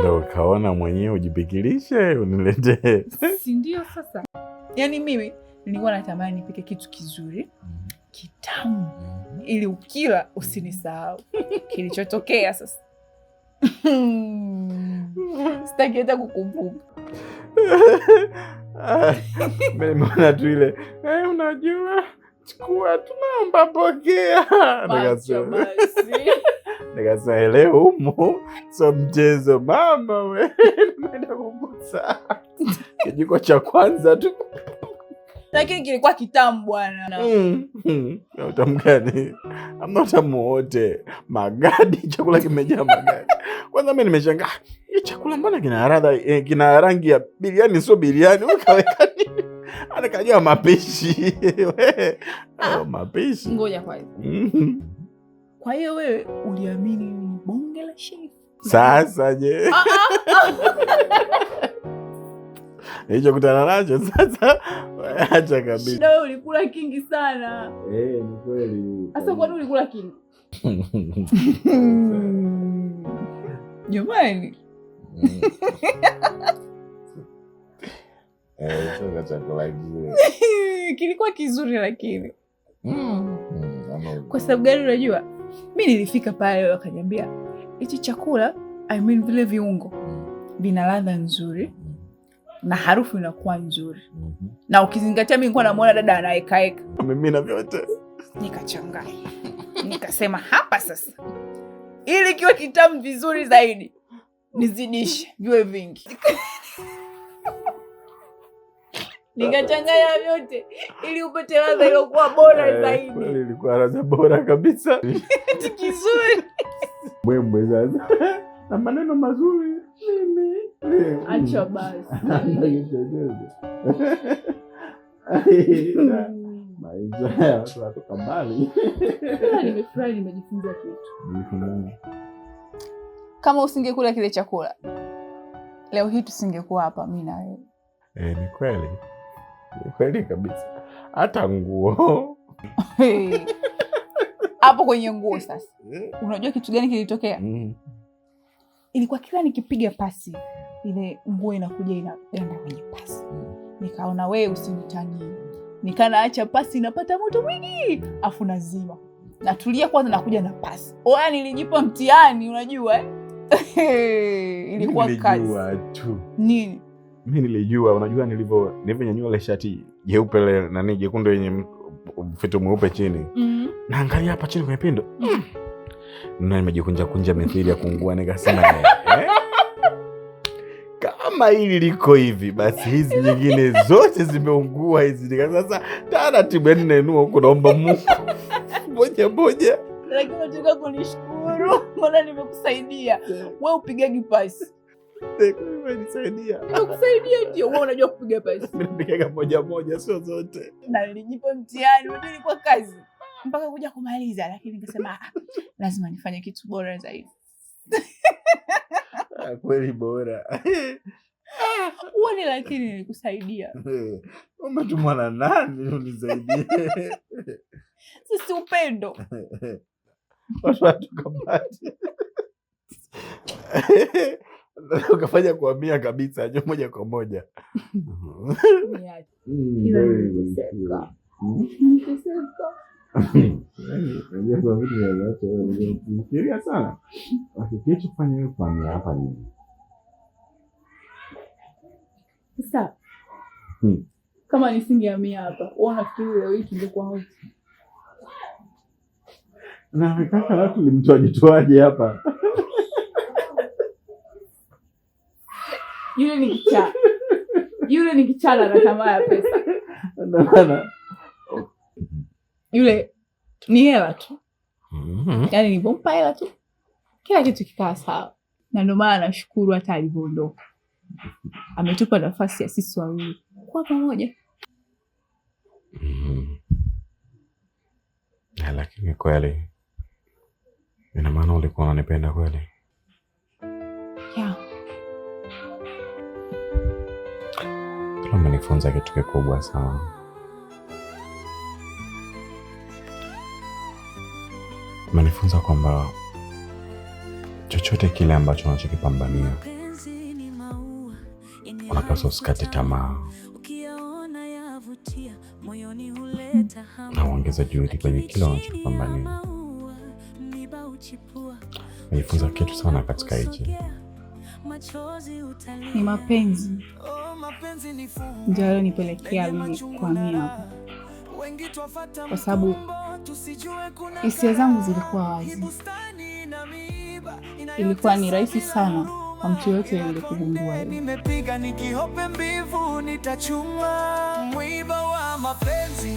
Ndo ukaona mwenyewe ujipikilishe uniletee, si Sasa yani mimi nilikuwa natamani nipike kitu kizuri mhm. kitamu, mhm. ili ukila usinisahau kilichotokea. Sasa sitaki hata kukumbuka. Ah, nimeona tu ile, eh, unajua chukua, tunaomba pokea. Nikasema ele humu so mchezo mama, we nimeenda kugusa kijiko cha kwanza tu, lakini kilikuwa kitamu bwana. Mm, mm. Na utamu gani? Amna utamu wote, magadi. Chakula kimejaa magadi. Kwanza mi nimeshangaa, hii chakula mbona kina radha, eh, kina rangi ya biriani? Sio biriani, ukaweka nini? anakajua mapishi ah, oh, mapishi. Ngoja kwanza, mm-hmm. kwa hiyo wewe uliamini ni bonge la shefu? Sasa je, ah, ah, kutana nacho sasa, acha kabisa. Shida wewe ulikula kingi sana. Eh, ni kweli. Sasa kwani ulikula kingi jamani? Mm chakula eh, kilikuwa kizuri, lakini mm. Mm, kwa sababu gani? Unajua, mi nilifika pale wakaniambia hichi chakula I mean, vile viungo hmm. vina ladha nzuri hmm. na harufu inakuwa nzuri mm -hmm. na ukizingatia mi nikuwa namwona dada anaekaeka amemina vyote, nikachangaa nikasema, hapa sasa, ili kiwe kitamu vizuri zaidi nizidishe viwe vingi nikachanganya vyote ili upate ladha iliyokuwa bora eh, zaidi. Ilikuwa ladha bora kabisa, kizuri mwembwe. Sasa na maneno mazuri, mimi acha basi, hmm. watoka mbali. Nimefurahi, nimejifunza kitu. Kama usingekula kile chakula leo hii tusingekuwa hapa mimi na wewe. Eh, ni kweli kweli kabisa, hata nguo hapo kwenye nguo sasa. Unajua kitu gani kilitokea? mm. Ilikuwa kila nikipiga pasi ile nguo inakuja inaenda kwenye pasi, mm. nikaona wee, usinitanie. Nikanaacha pasi inapata moto mwingi, afu nazima natulia kwanza, nakuja na pasi oya, nilijipa mtihani. Unajua eh? ilikuwa kazi nini mi nilijua, unajua nilivyo nilivyonyanyua ile shati jeupe ile nani jekundu yenye mfito mweupe chini mm. Mm-hmm. naangalia hapa chini kwenye pindo mm-hmm. mm. na nimejikunja kunja mithili ya kuungua, nikasema eh, eh? kama hili liko hivi basi hizi nyingine zote zimeungua hizi. Sasa taratibu, yani nainua huku naomba Mungu moja moja, lakini nataka kunishukuru, maana nimekusaidia wewe upigagi pasi Nisaidia kusaidia ndio. Wewe unajua kupiga pasi, nikaga moja moja, sio zote, na nilijipa mtihani. Unajua kazi mpaka kuja kumaliza, lakini nikasema ah, lazima nifanye kitu bora zaidi. Ah, kweli bora ah, uone, lakini nilikusaidia. Umetumwa na nani unisaidie? Sisi upendo watu watukabati ukafanya kuhamia kabisa jo moja kwa moja mm, fikiria sana kilichofanya kuhamia hapa nini? Sasa hmm. kama nisingehamia hapa, unafikiri leo hii tungekuwa Na kaka, watu limtoa hapa? Yule ni kichaa, yule ni kichana na tamaa ya pesa. Yule ni hela tu, mm-hmm. yani nilipompa hela tu kila kitu kikaa sawa, na ndio maana nashukuru hata alivyoondoka ametupa nafasi ya sisi wawili kwa pamoja. Mm. Lakini kweli, ina maana ulikuwa unanipenda kweli? amenifunza kitu kikubwa sana. Amenifunza kwamba chochote kile ambacho unachokipambania unapaswa usikate tamaa na uongeza juhudi kwenye kile unachokipambania. Nimejifunza kitu sana katika hichi, ni mapenzi ndio alionipelekea mimi kuhamia hapa, kwa sababu hisia zangu zilikuwa wazi. Ilikuwa ni rahisi sana kwa mtu yoyote yule kugundua Nimepiga nikihope mbivu nitachuma, mwiba wa mapenzi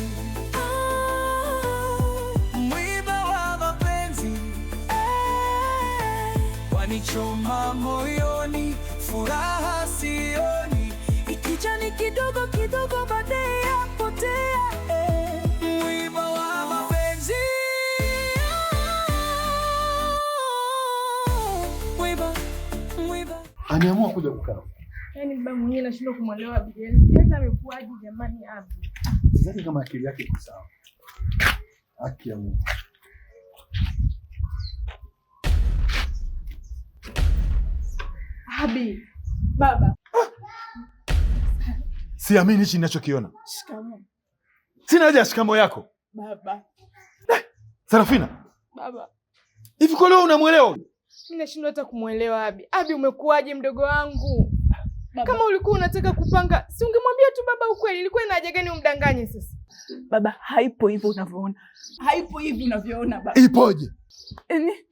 ah, eh, wanichoma moyoni, furaha sioni kijani kidogo kidogo, baadaye yapotea. Eh, mwiba wa mapenzi, mwiba, mwiba ameamua kuja kukaa. Yani baba mwenyewe nashindwa kumwelewa bibi. Sasa amekuaje jamani hapo? Sidhani kama akili yake iko sawa. Haki ya Mungu. Abi, baba Siamini hichi ninachokiona. Shikamoo. Sina haja ya shikamo yako. Baba. Eh, Sarafina. Baba. Hivi kwa leo unamwelewa? Nashindwa hata kumwelewa Abi. Abi, umekuwaje mdogo wangu? Baba. Kama ulikuwa unataka kupanga, si ungemwambia tu baba ukweli. Ilikuwa ina haja gani umdanganye sasa? Baba, haipo hivyo unavyoona. Haipo hivyo unavyoona baba. Ipoje? Yaani eh?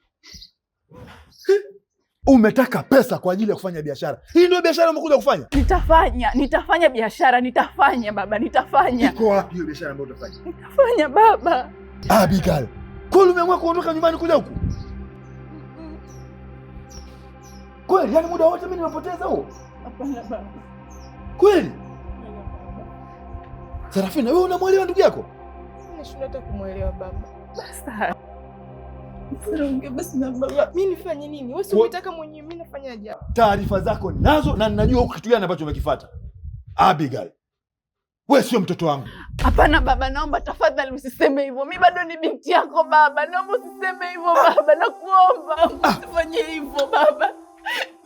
umetaka pesa kwa ajili ya kufanya biashara. Hii ndio biashara umekuja kufanya? Nitafanya, nitafanya biashara, nitafanya baba, nitafanya. Iko wapi hiyo biashara ambayo utafanya? Nitafanya baba. Abigail, kweli umeamua kuondoka nyumbani kuja huku? Kweli yani muda wote mimi nimepoteza huo? Hapana baba. Kweli? Serafina, wewe unamwelewa ndugu yako? Nimeshindwa hata kumwelewa baba. Basta nifanye nini? Wewe unataka mwenyewe, mimi nafanyaje hapa? Taarifa zako nazo na ninajua huko kitu gani ambacho umekifuata. Abigail. Wewe sio mtoto wangu. Hapana baba, naomba tafadhali usiseme hivyo. Mimi bado ni binti yako baba. Naomba usiseme hivyo baba. Nakuomba ah. usifanye hivyo baba.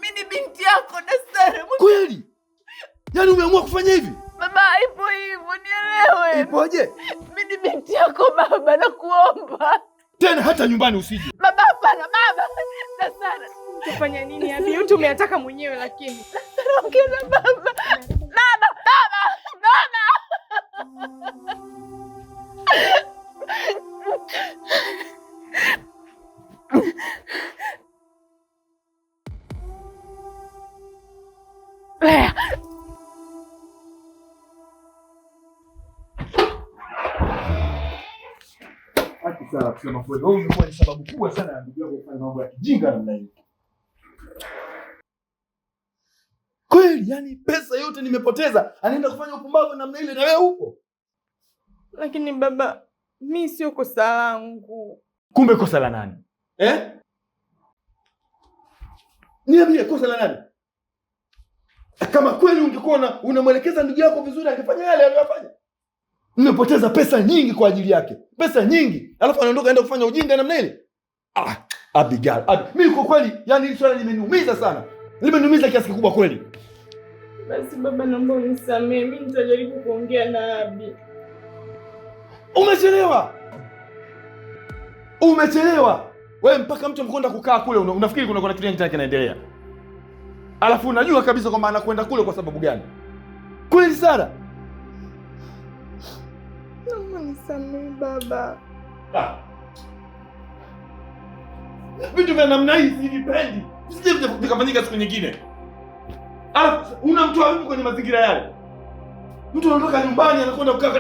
Mimi ni binti yako Dasara. Kweli? Yaani umeamua kufanya hivi? Baba, ipo hivyo, nielewe. Ipoje? Mimi ni binti yako baba, nakuomba tena hata nyumbani usije. Baba, hapana baba. Nasara, utafanya nini hapa? Yote umeataka mwenyewe lakini. Nasara, ukienda baba. Baba, baba, baba. kusema kweli, wewe umekuwa ni sababu kubwa sana ya ndugu yako kufanya mambo ya kijinga namna Kweli yani, pesa yote nimepoteza, anaenda kufanya upumbavu namna ile na wewe huko. Lakini baba, mi sio kosa langu. Kumbe kosa la nani eh? Niambie, kosa la nani? Kama kweli ungekuwa unamwelekeza ndugu yako vizuri, angefanya yale aliyofanya mmepoteza pesa nyingi kwa ajili yake, pesa nyingi, alafu anaondoka aenda kufanya ujinga namna ile. Ah, Abigail, mi kwa kweli, yani hili swala limeniumiza sana, limeniumiza kiasi kikubwa kweli. Basi baba, naomba unisamee, mi nitajaribu kuongea na Abi. Umechelewa, umechelewa wewe, mpaka mtu mkonda kukaa kule, unafikiri kuna kuna kitu gani kinaendelea, alafu unajua kabisa kwamba anakwenda kule kwa sababu gani? Kweli Sara Unisamehe baba. Ah. Vitu vya namna hii sivipendi, visije vikafanyika siku nyingine. Alafu una mtu kwenye mazingira yale, mtu anatoka nyumbani anakwenda kukaa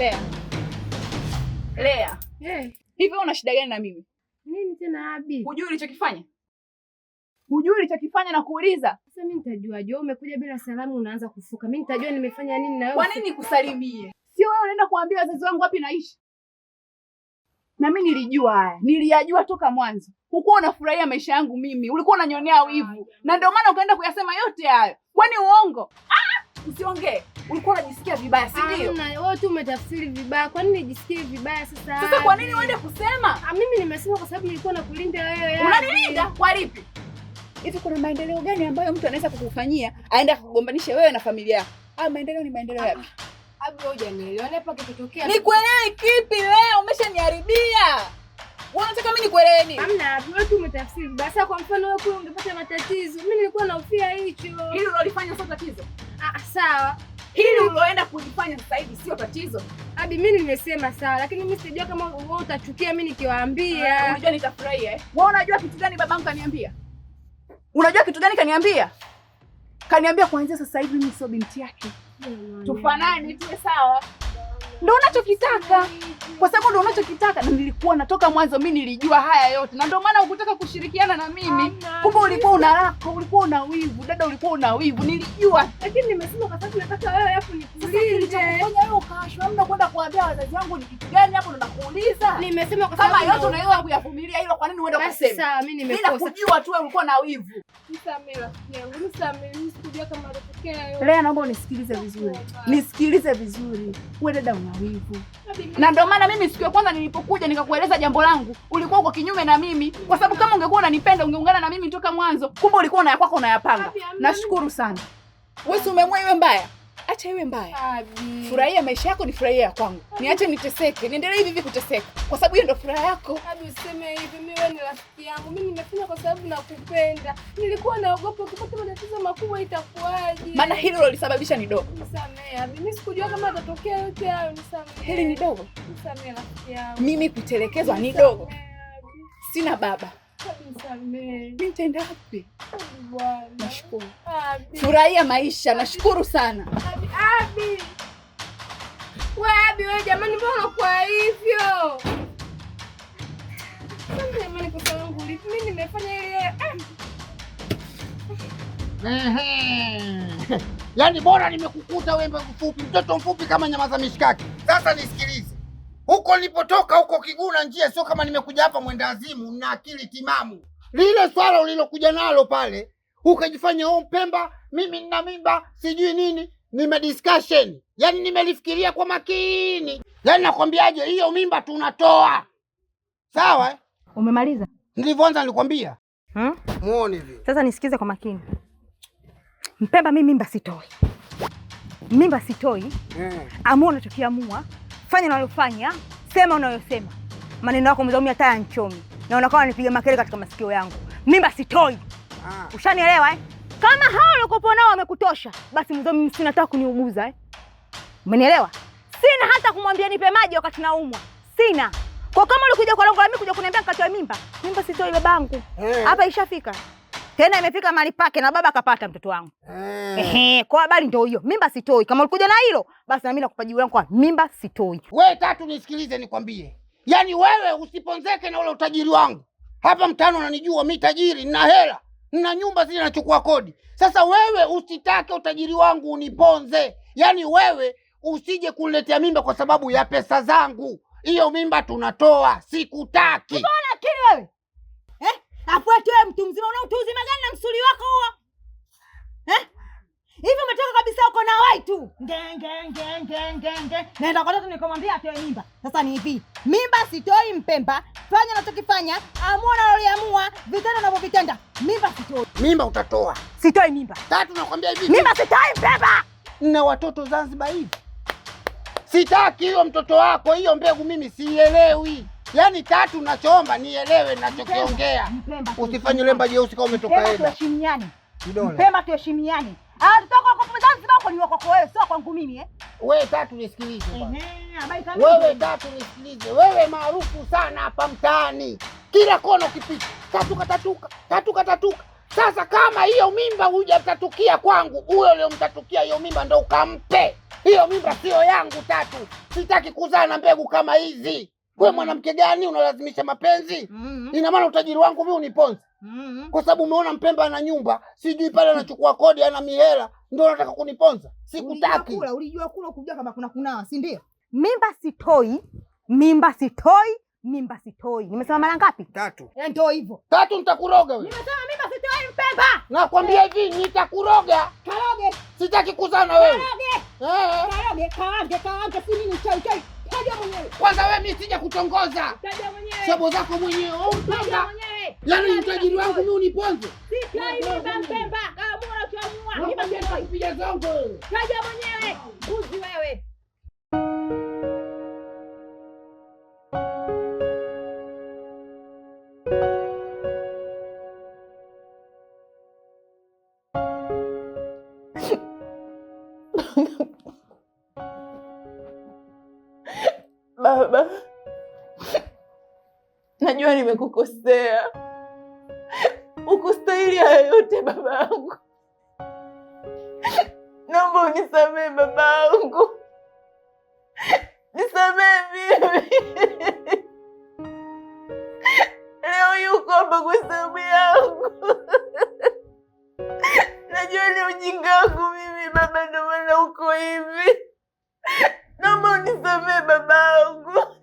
Lea. Lea. Hey. Hivi una shida gani na mimi? Nini tena Abi? Hujui ulichokifanya? Hujui ulichokifanya na kuuliza? Sasa mimi nitajua. jo, umekuja bila salamu unaanza kufuka. Mimi nitajua nimefanya nini na wewe? Kwa nini kusalimie? Sio wewe unaenda kuambia wazazi wangu wapi naishi? Na mimi nilijua haya. Niliyajua toka mwanzo. Hukuwa unafurahia maisha yangu mimi. Ulikuwa unanyonea wivu. Na ndio maana ukaenda kuyasema yote hayo. Kwani uongo? Ah! usiongee. Ulikuwa unajisikia vibaya, si ndio? Wewe tu umetafsiri vibaya. Kwa nini nijisikie vibaya sasa? Sasa kwa nini uende kusema? Ah, mimi nimesema kwa sababu nilikuwa nakulinda wewe. Unanilinda kwa lipi? Hivi kuna maendeleo gani ambayo mtu anaweza kukufanyia aende kukugombanisha wewe na familia yako? Ah, maendeleo ni maendeleo yapi? Abi, kitotokea. Ni kipi leo? Umeshaniharibia. Unataka mimi nikuelewe Hamna, wewe tu umetafsiri. Basi kwa mfano wewe kule ungepata matatizo. Mimi nilikuwa nahofia hicho. Hili ulilofanya sasa tatizo. Ah, ah, sawa. Hili uloenda kulifanya sasa hivi sio tatizo. Abi, mimi nimesema sawa, lakini mimi sijua kama wewe utachukia mimi nikiwaambia. Ah, unajua nitafurahia eh. Wewe unajua kitu gani babangu kaniambia? Unajua kitu gani kaniambia? Kaniambia kuanzia sasa hivi mimi sio binti yake. Tufanane tuwe sawa ndo unachokitaka kwa sababu ndo unachokitaka, na nilikuwa natoka mwanzo, mi nilijua haya yote, na ndio maana ukutaka kushirikiana na mimi. Kumbe ulikuwa unaraka, ulikuwa una wivu dada, ulikuwa una wivu, nilijua. Lakini nimesema kwa sababu nataka wewe hapo wewe ukashwa, mna kwenda kuambia wazazi wangu ni kitu gani hapo, ndo nakuuliza. Nimesema kwa sababu yote unaweza kuyavumilia hilo, kwa nini uende kusema? Sasa mimi nimekosa, kujua tu wewe ulikuwa na wivu. Lea, naomba unisikilize vizuri, nisikilize vizuri wewe dada na wivu, na ndio maana mimi siku ya kwanza nilipokuja nikakueleza jambo langu ulikuwa uko kinyume na mimi, kwa sababu kama ungekuwa unanipenda ungeungana na mimi toka mwanzo. Kumbe ulikuwa unayakwako unayapanga. Nashukuru sana. Wewe umemwa iwe mbaya acha iwe mbaya, furahia maisha yako, ni furahia ya kwangu, niache niteseke, niendelee hivi hivi kuteseka, kwa sababu hiyo ndo furaha yako. Abi, Useme hivi, mimi wewe ni rafiki yangu, mimi nimefanya kwa sababu nakupenda. Nilikuwa naogopa ukipata matatizo makubwa itakuwaje, maana hilo lolisababisha ni dogo. Nisamee Abi, mimi sikujua kama atatokea yote hayo, Nisamee, Hili ni dogo, Nisamee rafiki yangu, mimi kutelekezwa ni dogo, sina baba nitaenda wapi? Nashukuru, furahia maisha. Nashukuru sana Abi. Abi. We Abi, we jamani, mbona kwa hivyo? Eh. yaani, bora nimekukuta wembe mfupi, mtoto mfupi kama nyama za mishikaki. Sasa nisikilize huko nilipotoka huko Kiguna njia sio kama nimekuja hapa mwenda azimu na akili timamu. Lile swala ulilokuja nalo pale ukajifanya wewe Mpemba, mimi nina mimba, sijui nini, nime discussion yani, nimelifikiria kwa makini, yani nakwambiaje, hiyo mimba tunatoa. Sawa, eh? umemaliza nilivyoanza nilikwambia hmm? Muone hivi sasa, nisikize kwa makini Mpemba, mimi mimba sitoi, mimba sitoi hmm. Amua unachokiamua fanya unalofanya, sema unayosema. Maneno yako umezaumia taya nchomi, na unakawa unanipiga makele katika masikio yangu. Mimba sitoi, ah. ushanielewa eh? Kama hao uliokuwa nao wamekutosha, basi mzomi, sinataka kuniuguza eh? Umenielewa? Sina hata kumwambia nipe maji wakati naumwa, sina. Kwa kama ulikuja kwa lengo la mimi kuja kuniambia nikatoe mimba, mimba sitoi babangu, eh. hapa hey. Ishafika tena imefika mahali pake na baba akapata mtoto wangu eh. Ehe, kwa habari ndio hiyo, mimba sitoi. Kama ulikuja na hilo basi, na mimi nakupa jibu langu kwa mimba sitoi. Wewe Tatu, nisikilize nikwambie, yaani wewe usiponzeke na ule utajiri wangu hapa mtano. Unanijua mimi tajiri, nina hela, nina nyumba zile, nachukua kodi. Sasa wewe usitake utajiri wangu uniponze, yaani wewe usije kuniletea mimba kwa sababu ya pesa zangu. Hiyo mimba tunatoa, sikutaki. Mbona akili wewe Afuate wewe mtu mzima, una mtu uzima gani na msuli wako huo? Eh? Hivi umetoka kabisa uko na wai tu. Ngenge ngenge ngenge. Naenda kwa tatu nikamwambia atoe mimba. Sasa ni hivi. Mimba sitoi mpemba. Fanya unachokifanya, amua unaloamua, vitendo unavyovitenda. Mimba sitoi. Mimba utatoa. Sitoi mimba. Tatu nakwambia hivi. Mimba sitoi mpemba. Na watoto Zanzibar hivi. Sitaki hiyo mtoto wako, hiyo mbegu mimi siielewi. Yaani tatu nachoomba nielewe nachokiongea. Usifanye lemba jeusi kama umetoka hapo. Tuheshimiane. Kidole. Pema tuheshimiane. Ah, toka kwa kwa Zanzibar huko ni wako wewe, sio kwangu mimi eh. Wewe tatu nisikilize bwana. Ehe, wewe tatu nisikilize. Wewe maarufu sana hapa mtaani. Kila kona ukipita. Tatu katatuka, tatu katatuka. Sasa kama hiyo mimba hujatatukia kwangu, huyo uliyomtatukia hiyo mimba ndo ukampe. Hiyo mimba sio yangu tatu. Sitaki kuzaa na mbegu kama hizi wewe mwanamke gani unalazimisha mapenzi? mm -hmm. Ina maana utajiri wangu mimi uniponze? mm -hmm. Kwa sababu umeona mpemba ana nyumba sijui pale anachukua kodi ana mihela, ndio unataka kuniponza? Sikutaki. Ulijua kula, ulijua kula kujua kama kuna kuna, si ndio? Mimba sitoi, mimba sitoi, mimba sitoi. Nimesema mara ngapi? Tatu. Eh, ndio hivyo. Tatu nitakuroga wewe. Nimesema mimba sitoi mpemba. Nakwambia hivi nitakuroga. Karoge. Sitaki kuzana wewe. Karoge. Eh. Karoge, kaange, kaange, si nini chai chai. Kwanza wewe mimi sija kutongoza. Taja zako mwenyewe. Taja mwenyewe. Yaani utajiri wangu mimi uniponze. Sitaiba Mpemba. Kama unachoamua. Nipa kitu. Taja mwenyewe. Kuzi wewe. najua nimekukosea, ukustahili haya yote baba yangu. Naomba unisamehe baba yangu, nisamehe mimi. Leo yuko hapa kwa sababu yangu. Najua ni ujinga wangu mimi baba, ndio maana uko hivi. Naomba unisamehe baba yangu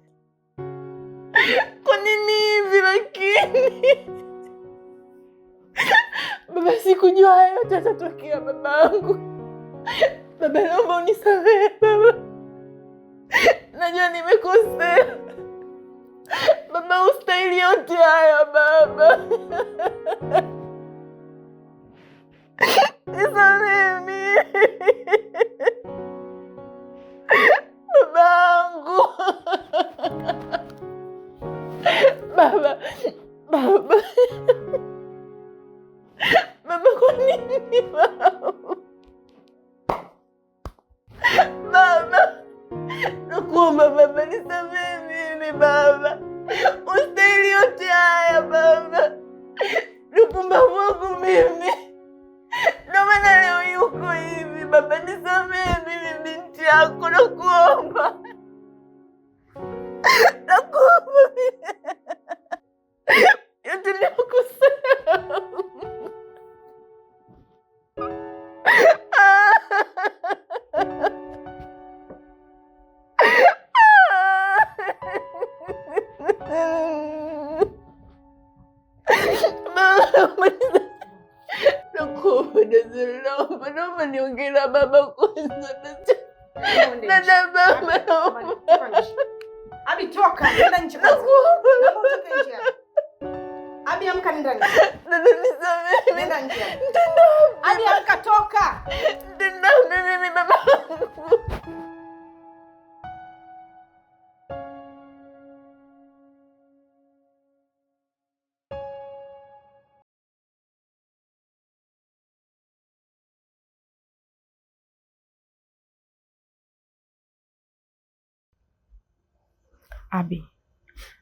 kwani nihivi lakini baba, sikujua haya yote yatatokea. Baba yangu, baba, naomba unisamehe baba, najua nimekosea baba, ustahili yote haya baba, nisamehe baba yangu 爸爸，爸爸，爸爸婚礼吗？belum belum menungkila baba kwanza dada baba Abi toka nenda nje kwanza toka Abi amka nenda nje dada nisamehe nenda nje Abi amka toka Abi,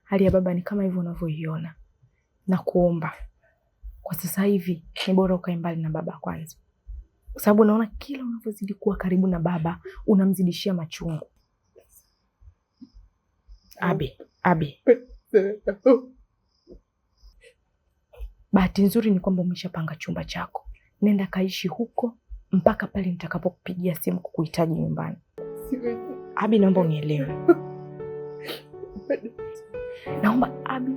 hali ya baba ni kama hivyo unavyoiona. Nakuomba kwa sasa hivi ni bora ukae mbali na baba kwanza, kwa sababu naona kila unavyozidi kuwa karibu na baba unamzidishia machungu. Abi, Abi, bahati nzuri ni kwamba umeshapanga chumba chako, nenda kaishi huko mpaka pale nitakapokupigia simu kukuhitaji nyumbani. Abi, naomba unielewe. Naomba Abi,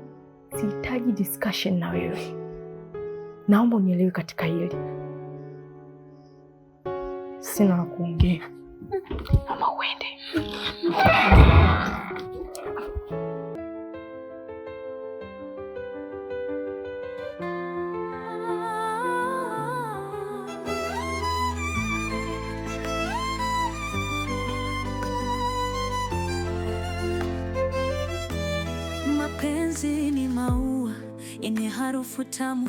sihitaji discussion na wewe, naomba unielewe katika hili. Sina la kuongea, ama uende. harufu tamu,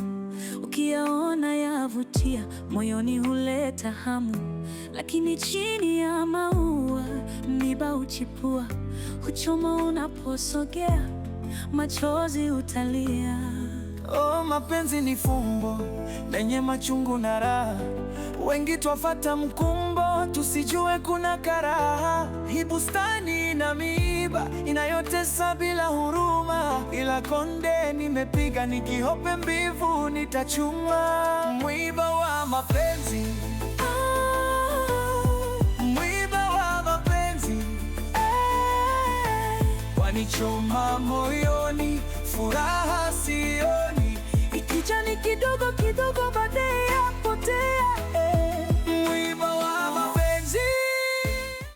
ukiyaona yavutia, moyoni huleta hamu. Lakini chini ya maua miba uchipua huchoma unaposogea, machozi utalia. Oh, mapenzi ni fumbo lenye machungu na raha, wengi twafata mkumbo, tusijue kuna karaha. Hii bustani na mimi misiba inayotesa bila huruma, ila konde nimepiga nikihope mbivu nitachuma. Mwiba wa mapenzi ah, mwiba wa mapenzi eh, wanichoma moyoni, furaha sioni, ikija ni kidogo kidogo bade